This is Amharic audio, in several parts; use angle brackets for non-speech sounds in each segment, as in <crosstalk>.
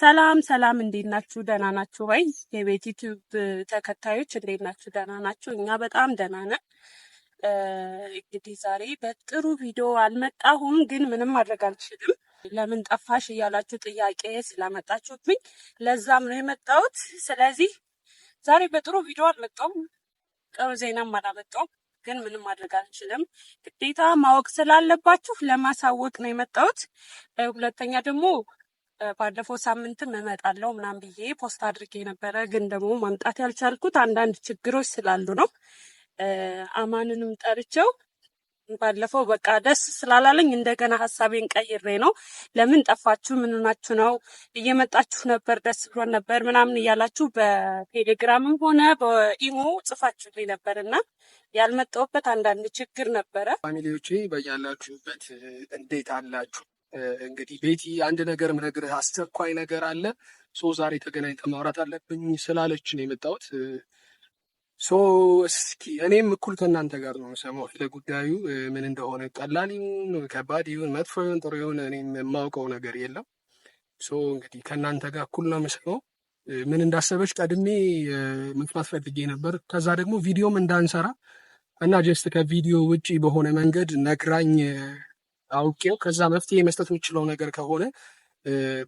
ሰላም ሰላም፣ እንዴት ናችሁ? ደህና ናችሁ ወይ? የቤት ዩቲዩብ ተከታዮች እንዴት ናችሁ? ደህና ናችሁ? እኛ በጣም ደህና ነን። እንግዲህ ዛሬ በጥሩ ቪዲዮ አልመጣሁም፣ ግን ምንም ማድረግ አልችልም። ለምን ጠፋሽ እያላችሁ ጥያቄ ስላመጣችሁብኝ ለዛም ነው የመጣሁት። ስለዚህ ዛሬ በጥሩ ቪዲዮ አልመጣሁም፣ ጥሩ ዜናም አላመጣሁም፣ ግን ምንም ማድረግ አልችልም። ግዴታ ማወቅ ስላለባችሁ ለማሳወቅ ነው የመጣሁት። ሁለተኛ ደግሞ ባለፈው ሳምንትም እመጣለሁ ምናምን ብዬ ፖስት አድርጌ ነበረ፣ ግን ደግሞ ማምጣት ያልቻልኩት አንዳንድ ችግሮች ስላሉ ነው። አማንንም ጠርቸው ባለፈው በቃ ደስ ስላላለኝ እንደገና ሀሳቤን ቀይሬ ነው። ለምን ጠፋችሁ? ምን ሆናችሁ ነው? እየመጣችሁ ነበር፣ ደስ ብሎን ነበር ምናምን እያላችሁ በቴሌግራምም ሆነ በኢሞ ጽፋችሁልኝ ነበር እና ያልመጣሁበት አንዳንድ ችግር ነበረ። ፋሚሊዎቼ በያላችሁበት እንዴት አላችሁ? እንግዲህ ቤቲ አንድ ነገር ምነግርህ አስቸኳይ ነገር አለ። ሶ ዛሬ ተገናኝተን ማውራት አለብኝ ስላለች ነው የመጣሁት። ሶ እስኪ እኔም እኩል ከእናንተ ጋር ነው ሰማሁ ለጉዳዩ ምን እንደሆነ ቀላል ይሁን ከባድ ይሁን መጥፎ ይሁን ጥሩ ይሁን እኔም የማውቀው ነገር የለም። ሶ እንግዲህ ከእናንተ ጋር እኩል ነው የምሰማው። ምን እንዳሰበች ቀድሜ መስማት ፈልጌ ነበር። ከዛ ደግሞ ቪዲዮም እንዳንሰራ እና ጀስት ከቪዲዮ ውጪ በሆነ መንገድ ነግራኝ አውቄው ከዛ መፍትሄ መስጠት የምችለው ነገር ከሆነ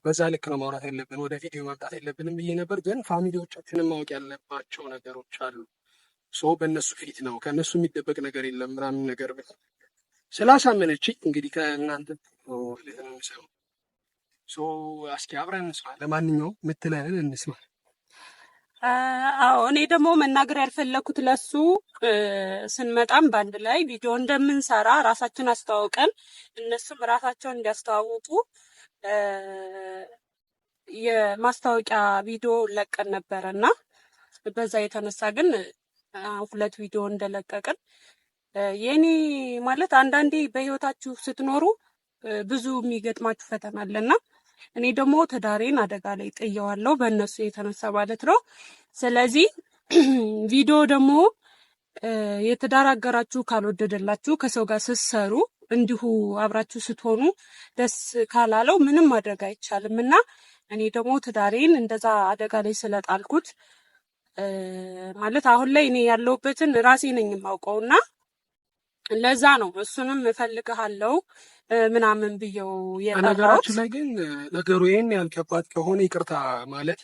በዛ ልክ ነው ማውራት ያለብን፣ ወደ ቪዲዮ መምጣት የለብንም ብዬ ነበር። ግን ፋሚሊዎቻችንን ማወቅ ያለባቸው ነገሮች አሉ። ሶ በእነሱ ፊት ነው ከእነሱ የሚደበቅ ነገር የለም ምናምን ነገር ብላ ስላሳመነች እንግዲህ ከእናንተ ልህን ሰው አስኪ አብረን እንስማ። ለማንኛውም ምትለንን እንስማ። አዎ እኔ ደግሞ መናገር ያልፈለኩት ለሱ ስንመጣም በአንድ ላይ ቪዲዮ እንደምንሰራ ራሳችን አስተዋውቀን እነሱም ራሳቸውን እንዲያስተዋውቁ የማስታወቂያ ቪዲዮ ለቀን ነበረ እና በዛ የተነሳ ግን ሁለት ቪዲዮ እንደለቀቅን የኔ ማለት አንዳንዴ በህይወታችሁ ስትኖሩ ብዙ የሚገጥማችሁ ፈተና አለና እኔ ደግሞ ትዳሬን አደጋ ላይ ጥየዋለሁ በእነሱ የተነሳ ማለት ነው። ስለዚህ <clears throat> ቪዲዮ ደግሞ የትዳር አጋራችሁ ካልወደደላችሁ ከሰው ጋር ስትሰሩ እንዲሁ አብራችሁ ስትሆኑ ደስ ካላለው ምንም ማድረግ አይቻልም እና እኔ ደግሞ ትዳሬን እንደዛ አደጋ ላይ ስለጣልኩት ማለት አሁን ላይ እኔ ያለሁበትን ራሴ ነኝ የማውቀው እና ለዛ ነው እሱንም እፈልግሃለው ምናምን ብየው የነገራችን ላይ ግን ነገሩ ይህን ያህል ከባድ ከሆነ ይቅርታ ማለት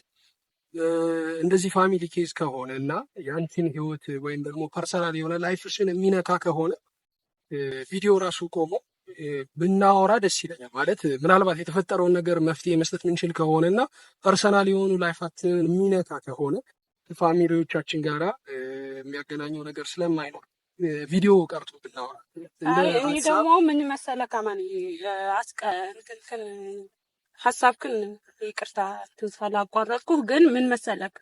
እንደዚህ ፋሚሊ ኬዝ ከሆነ እና የአንቺን ህይወት ወይም ደግሞ ፐርሰናል የሆነ ላይፍሽን የሚነካ ከሆነ ቪዲዮ ራሱ ቆሞ ብናወራ ደስ ይለኛል። ማለት ምናልባት የተፈጠረውን ነገር መፍትሄ መስጠት የምንችል ከሆነ እና ፐርሰናል የሆኑ ላይፋችንን የሚነካ ከሆነ ከፋሚሊዎቻችን ጋራ የሚያገናኘው ነገር ስለማይኖር ቪዲዮ ቀርቶ ብናወራ እኔ ደግሞ ምን መሰለ ከማን አስቀንክንክን ሀሳብክን ይቅርታ አቋረጥኩ። ግን ምን መሰለክ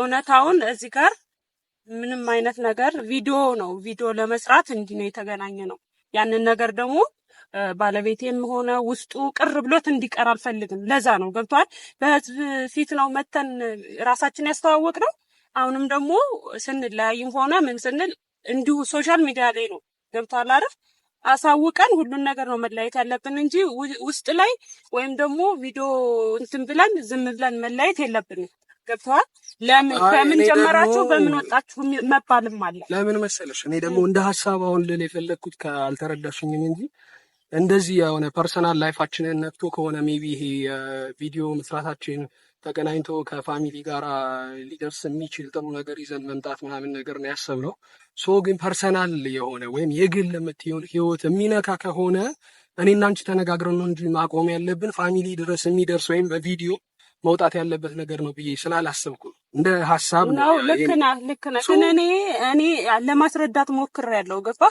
እውነታውን እዚህ ጋር ምንም አይነት ነገር ቪዲዮ ነው ቪዲዮ ለመስራት እንዲህ ነው የተገናኘ ነው። ያንን ነገር ደግሞ ባለቤቴም ሆነ ውስጡ ቅር ብሎት እንዲቀር አልፈልግም። ለዛ ነው ገብቷል። በህዝብ ፊት ነው መተን ራሳችን ያስተዋወቅ ነው። አሁንም ደግሞ ስንለያይም ሆነ ምን ስንል እንዲሁ ሶሻል ሚዲያ ላይ ነው ገብቷል አይደል? አሳውቀን ሁሉን ነገር ነው መለያየት ያለብን እንጂ ውስጥ ላይ ወይም ደግሞ ቪዲዮ እንትን ብለን ዝም ብለን መለያየት የለብንም። ገብተዋል። ለምን ከምን ጀመራችሁ በምን ወጣችሁ መባልም አለ። ለምን መሰለሽ እኔ ደግሞ እንደ ሀሳብ አሁን ልል የፈለግኩት ካልተረዳሽኝም እንጂ እንደዚህ የሆነ ፐርሰናል ላይፋችንን ነክቶ ከሆነ ሜቢ ይሄ ቪዲዮ መስራታችን ተገናኝቶ ከፋሚሊ ጋር ሊደርስ የሚችል ጥሩ ነገር ይዘን መምጣት ምናምን ነገር ነው ያሰብነው። ሶ ግን ፐርሰናል የሆነ ወይም የግል የምትሆን ህይወት የሚነካ ከሆነ እኔና አንቺ ተነጋግረን ነው እንጂ ማቆም ያለብን ፋሚሊ ድረስ የሚደርስ ወይም በቪዲዮ መውጣት ያለበት ነገር ነው ብዬ ስላላሰብኩ ነው። እንደ ሀሳብ ነው። ልክ ነህ፣ ልክ ነህ። ግን እኔ እኔ ለማስረዳት ያለው ገባ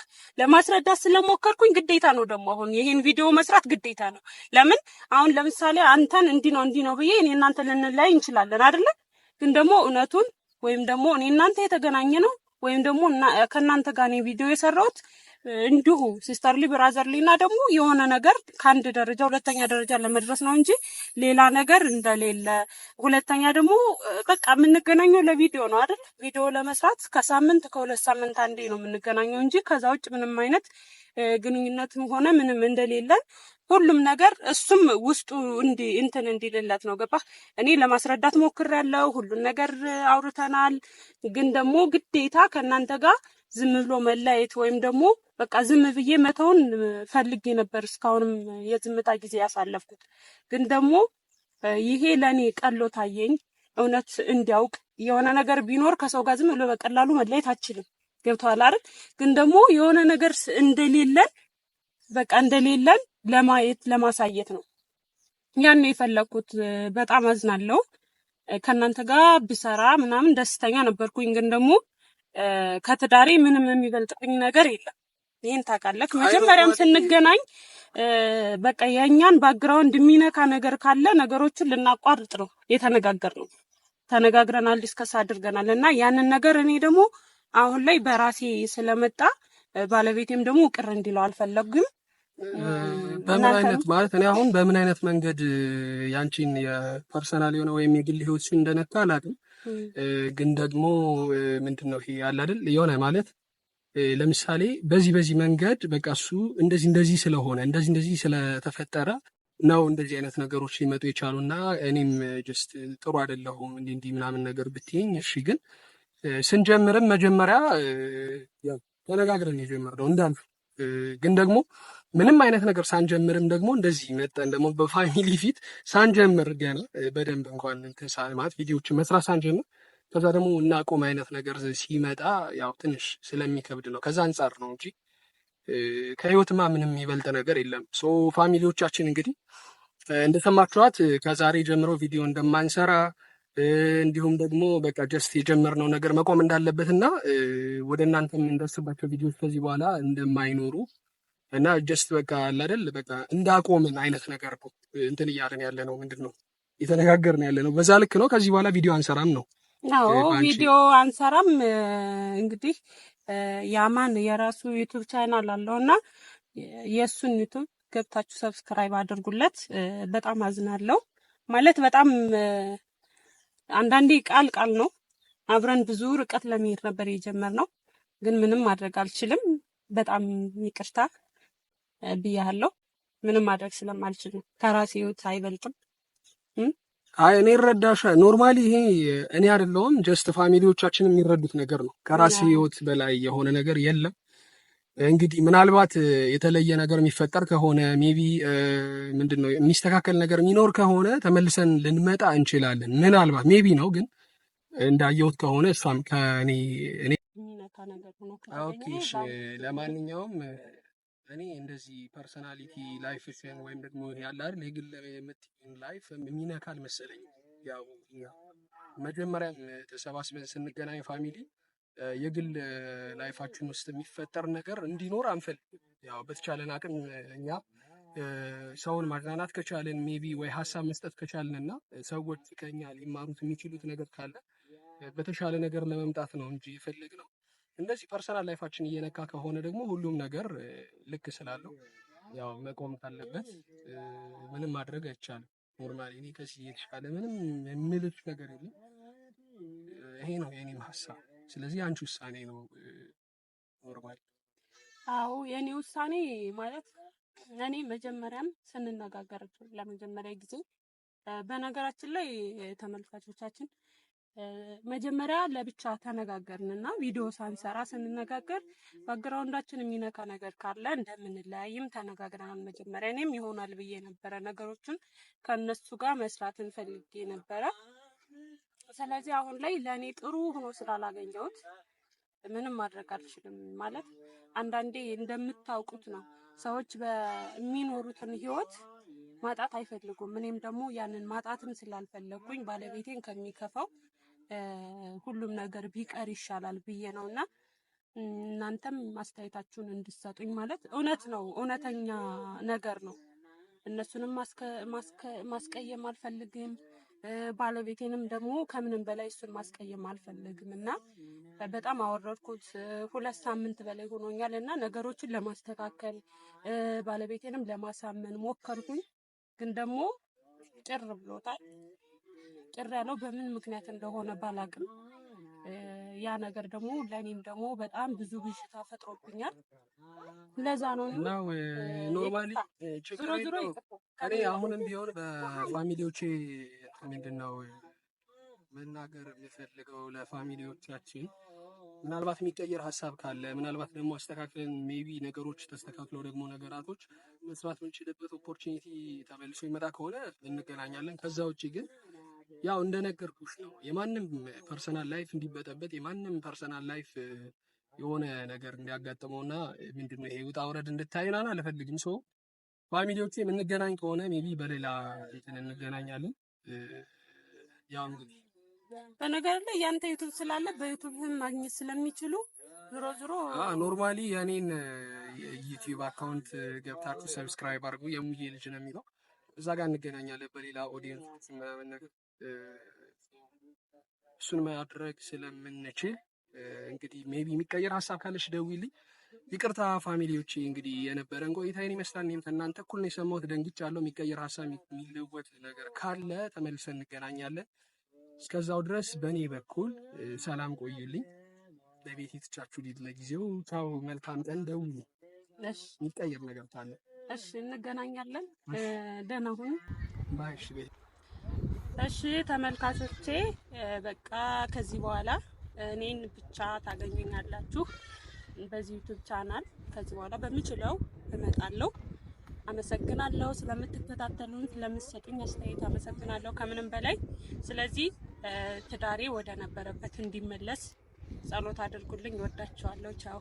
ለማስረዳት ስለሞከርኩኝ ግዴታ ነው ደግሞ አሁን ይሄን ቪዲዮ መስራት ግዴታ ነው። ለምን አሁን ለምሳሌ አንተን እንዲህ ነው እንዲህ ነው ብዬ እኔ እናንተ ልንለያይ እንችላለን አይደለ? ግን ደግሞ እውነቱን ወይም ደግሞ እኔ እናንተ የተገናኘ ነው ወይም ደግሞ ከእናንተ ጋር እኔ ቪዲዮ የሰራሁት እንዲሁ ሲስተርሊ ብራዘርሊ እና ደግሞ የሆነ ነገር ከአንድ ደረጃ ሁለተኛ ደረጃ ለመድረስ ነው እንጂ ሌላ ነገር እንደሌለ። ሁለተኛ ደግሞ በቃ የምንገናኘው ለቪዲዮ ነው አይደል? ቪዲዮ ለመስራት ከሳምንት ከሁለት ሳምንት አንዴ ነው የምንገናኘው እንጂ ከዛ ውጭ ምንም አይነት ግንኙነትም ሆነ ምንም እንደሌለን ሁሉም ነገር እሱም ውስጡ እንዲ እንትን እንዲልለት ነው። ገባ እኔ ለማስረዳት ሞክሬያለሁ። ሁሉን ነገር አውርተናል። ግን ደግሞ ግዴታ ከእናንተ ጋር ዝም ብሎ መለያየት ወይም ደግሞ በቃ ዝም ብዬ መተውን ፈልጌ ነበር። እስካሁንም የዝምታ ጊዜ ያሳለፍኩት ግን ደግሞ ይሄ ለእኔ ቀሎ ታየኝ። እውነት እንዲያውቅ የሆነ ነገር ቢኖር ከሰው ጋር ዝም ብሎ በቀላሉ መለየት አችልም። ገብተዋል አይደል? ግን ደግሞ የሆነ ነገር እንደሌለን በቃ እንደሌለን ለማየት ለማሳየት ነው ያን ነው የፈለግኩት። በጣም አዝናለሁ። ከእናንተ ጋር ብሰራ ምናምን ደስተኛ ነበርኩኝ ግን ደግሞ ከትዳሬ ምንም የሚበልጥብኝ ነገር የለም። ይህን ታውቃለህ። መጀመሪያም ስንገናኝ በቃ የእኛን ባግራውንድ የሚነካ ነገር ካለ ነገሮችን ልናቋርጥ ነው የተነጋገር ነው ተነጋግረናል፣ ዲስከስ አድርገናል። እና ያንን ነገር እኔ ደግሞ አሁን ላይ በራሴ ስለመጣ ባለቤቴም ደግሞ ቅር እንዲለው አልፈለግም። በምን አይነት ማለት እኔ አሁን በምን አይነት መንገድ ያንቺን የፐርሰናል የሆነ ወይም የግል ህይወት እንደነካ አላውቅም ግን ደግሞ ምንድን ነው ይሄ ያለ አይደል የሆነ ማለት ለምሳሌ በዚህ በዚህ መንገድ በቃ እሱ እንደዚህ እንደዚህ ስለሆነ እንደዚህ እንደዚህ ስለተፈጠረ ነው እንደዚህ አይነት ነገሮች ሊመጡ የቻሉ እና እኔም ጀስት ጥሩ አይደለሁም እንዲህ እንዲህ ምናምን ነገር ብትይኝ፣ እሺ። ግን ስንጀምርም መጀመሪያ ተነጋግረን የጀመርነው እንዳልኩ ግን ደግሞ ምንም አይነት ነገር ሳንጀምርም ደግሞ እንደዚህ መጠን ደግሞ በፋሚሊ ፊት ሳንጀምር ገና በደንብ እንኳን ማለት ቪዲዮዎችን መስራት ሳንጀምር ከዛ ደግሞ እናቆም አይነት ነገር ሲመጣ ያው ትንሽ ስለሚከብድ ነው። ከዛ አንጻር ነው እንጂ ከህይወትማ ምንም የሚበልጥ ነገር የለም። ሶ ፋሚሊዎቻችን እንግዲህ እንደሰማችኋት ከዛሬ ጀምሮ ቪዲዮ እንደማንሰራ እንዲሁም ደግሞ በቃ ጀስት የጀመርነው ነገር መቆም እንዳለበት እና ወደ እናንተ የምንደርስባቸው ቪዲዮዎች ከዚህ በኋላ እንደማይኖሩ እና ጀስት በቃ አላደል በቃ እንዳቆምን አይነት ነገር እንትን እያለን ያለ ነው። ምንድን ነው የተነጋገርን ያለ ነው። በዛ ልክ ነው። ከዚህ በኋላ ቪዲዮ አንሰራም ነው። አዎ ቪዲዮ አንሰራም። እንግዲህ ያማን የራሱ ዩቱብ ቻናል አለው እና የእሱን ዩቱብ ገብታችሁ ሰብስክራይብ አድርጉለት። በጣም አዝናለው ማለት በጣም አንዳንዴ ቃል ቃል ነው። አብረን ብዙ ርቀት ለመሄድ ነበር የጀመርነው፣ ግን ምንም ማድረግ አልችልም። በጣም ይቅርታ ብያለሁ። ምንም ማድረግ ስለማልችል ከራሴ ህይወት አይበልጥም። አይ እኔ እረዳሻ። ኖርማሊ ይሄ እኔ አይደለሁም፣ ጀስት ፋሚሊዎቻችን የሚረዱት ነገር ነው። ከራሴ ህይወት በላይ የሆነ ነገር የለም። እንግዲህ ምናልባት የተለየ ነገር የሚፈጠር ከሆነ ሜቢ ምንድን ነው የሚስተካከል ነገር የሚኖር ከሆነ ተመልሰን ልንመጣ እንችላለን። ምናልባት ሜቢ ነው ግን እንዳየሁት ከሆነ እሷም ከእኔ ለማንኛውም እኔ እንደዚህ ፐርሶናሊቲ ሽን ወይም ደግሞ ያለ አይደል የግል የምትይውን ላይፍ የሚነካል መሰለኝ። ያው መጀመሪያ ተሰባስበን ስንገናኝ ፋሚሊ የግል ላይፋችን ውስጥ የሚፈጠር ነገር እንዲኖር አንፈልግም። ያው በተቻለን አቅም እኛ ሰውን ማዝናናት ከቻለን ሜቢ ወይ ሀሳብ መስጠት ከቻለን እና ሰዎች ከኛ ሊማሩት የሚችሉት ነገር ካለ በተሻለ ነገር ለመምጣት ነው እንጂ የፈለግነው እንደዚህ ፐርሰናል ላይፋችን እየነካ ከሆነ ደግሞ ሁሉም ነገር ልክ ስላለው ያው መቆም ካለበት ምንም ማድረግ አይቻልም። ኖርማል እኔ ከዚህ እየተሻለ ምንም የምልሽ ነገር የለም። ይሄ ነው የኔም ሀሳብ። ስለዚህ አንቺ ውሳኔ ነው ኖርማል። አዎ የኔ ውሳኔ ማለት እኔ መጀመሪያም ስንነጋገር ለመጀመሪያ ጊዜ በነገራችን ላይ ተመልካቾቻችን መጀመሪያ ለብቻ ተነጋገርንና ቪዲዮ ሳንሰራ ስንነጋገር ባግራውንዳችን የሚነካ ነገር ካለ እንደምንለያይም ተነጋግረናል። መጀመሪያ እኔም ይሆናል ብዬ ነበረ ነገሮችን ከነሱ ጋር መስራትን ፈልጌ ነበረ። ስለዚህ አሁን ላይ ለእኔ ጥሩ ሆኖ ስላላገኘሁት ምንም ማድረግ አልችልም። ማለት አንዳንዴ እንደምታውቁት ነው ሰዎች በሚኖሩትን ህይወት ማጣት አይፈልጉም። እኔም ደግሞ ያንን ማጣትም ስላልፈለግኩኝ ባለቤቴን ከሚከፋው ሁሉም ነገር ቢቀር ይሻላል ብዬ ነው እና እናንተም አስተያየታችሁን እንድሰጡኝ ማለት እውነት ነው፣ እውነተኛ ነገር ነው። እነሱንም ማስቀየም አልፈልግም። ባለቤቴንም ደግሞ ከምንም በላይ እሱን ማስቀየም አልፈልግም እና በጣም አወረድኩት። ሁለት ሳምንት በላይ ሆኖኛል እና ነገሮችን ለማስተካከል ባለቤቴንም ለማሳመን ሞከርኩኝ፣ ግን ደግሞ ጭር ብሎታል። ጭሪያ ነው። በምን ምክንያት እንደሆነ ባላቅም ያ ነገር ደግሞ ለእኔም ደግሞ በጣም ብዙ ብሽታ ፈጥሮብኛል። ለዛ ነው ኖርማሊ ችግር እኔ አሁንም ቢሆን በፋሚሊዎቼ ምንድን ነው መናገር የምፈልገው ለፋሚሊዎቻችን ምናልባት የሚቀየር ሀሳብ ካለ ምናልባት ደግሞ አስተካክለን ሜቢ ነገሮች ተስተካክለው ደግሞ ነገራቶች መስራት የምንችልበት ኦፖርቹኒቲ ተመልሶ ይመጣ ከሆነ እንገናኛለን። ከዛ ውጭ ግን ያው እንደነገርኩሽ ነው። የማንም ፐርሰናል ላይፍ እንዲበጠበጥ የማንም ፐርሰናል ላይፍ የሆነ ነገር እንዲያጋጥመውና ምንድነው ይሄ ውጣ ውረድ እንድታይናን አልፈልግም። ሰው ፋሚሊዎቼ የምንገናኝ ከሆነ ሜቢ በሌላ እንትን እንገናኛለን። ያው እንግዲህ በነገር ላይ ያንተ ዩቱብ ስላለ በዩቱብህም ማግኘት ስለሚችሉ ዞሮ ዞሮ ኖርማሊ የኔን ዩቲዩብ አካውንት ገብታችሁ ሰብስክራይብ አድርጉ የሙዬ ልጅ ነው የሚለው እዛ ጋር እንገናኛለን። በሌላ ኦዲየንስ ምናምን ነገር እሱን ማድረግ ስለምንችል እንግዲህ ሜቢ የሚቀየር ሀሳብ ካለሽ ደውይልኝ። ይቅርታ ፋሚሊዎች፣ እንግዲህ የነበረን ቆይታ ይህን ይመስላል። እኔም ከእናንተ እኩል ነው የሰማሁት፣ ደንግጫለሁ። የሚቀየር ሀሳብ የሚለወጥ ነገር ካለ ተመልሰን እንገናኛለን። እስከዛው ድረስ በእኔ በኩል ሰላም ቆዩልኝ። በቤት የትቻችሁ ሊድ ለጊዜው ታው መልካም ቀን። ደውሉ የሚቀየር ነገር ካለ እሺ፣ እንገናኛለን። ደህና ሁኑ ባይሽ ቤት እሺ ተመልካቾቼ በቃ ከዚህ በኋላ እኔን ብቻ ታገኙኛላችሁ በዚህ ዩቱብ ቻናል። ከዚህ በኋላ በሚችለው እመጣለሁ። አመሰግናለሁ ስለምትከታተሉኝ፣ ስለምትሰጡኝ አስተያየት አመሰግናለሁ ከምንም በላይ። ስለዚህ ትዳሬ ወደ ነበረበት እንዲመለስ ጸሎት አድርጉልኝ። ወዳችኋለሁ። ቻው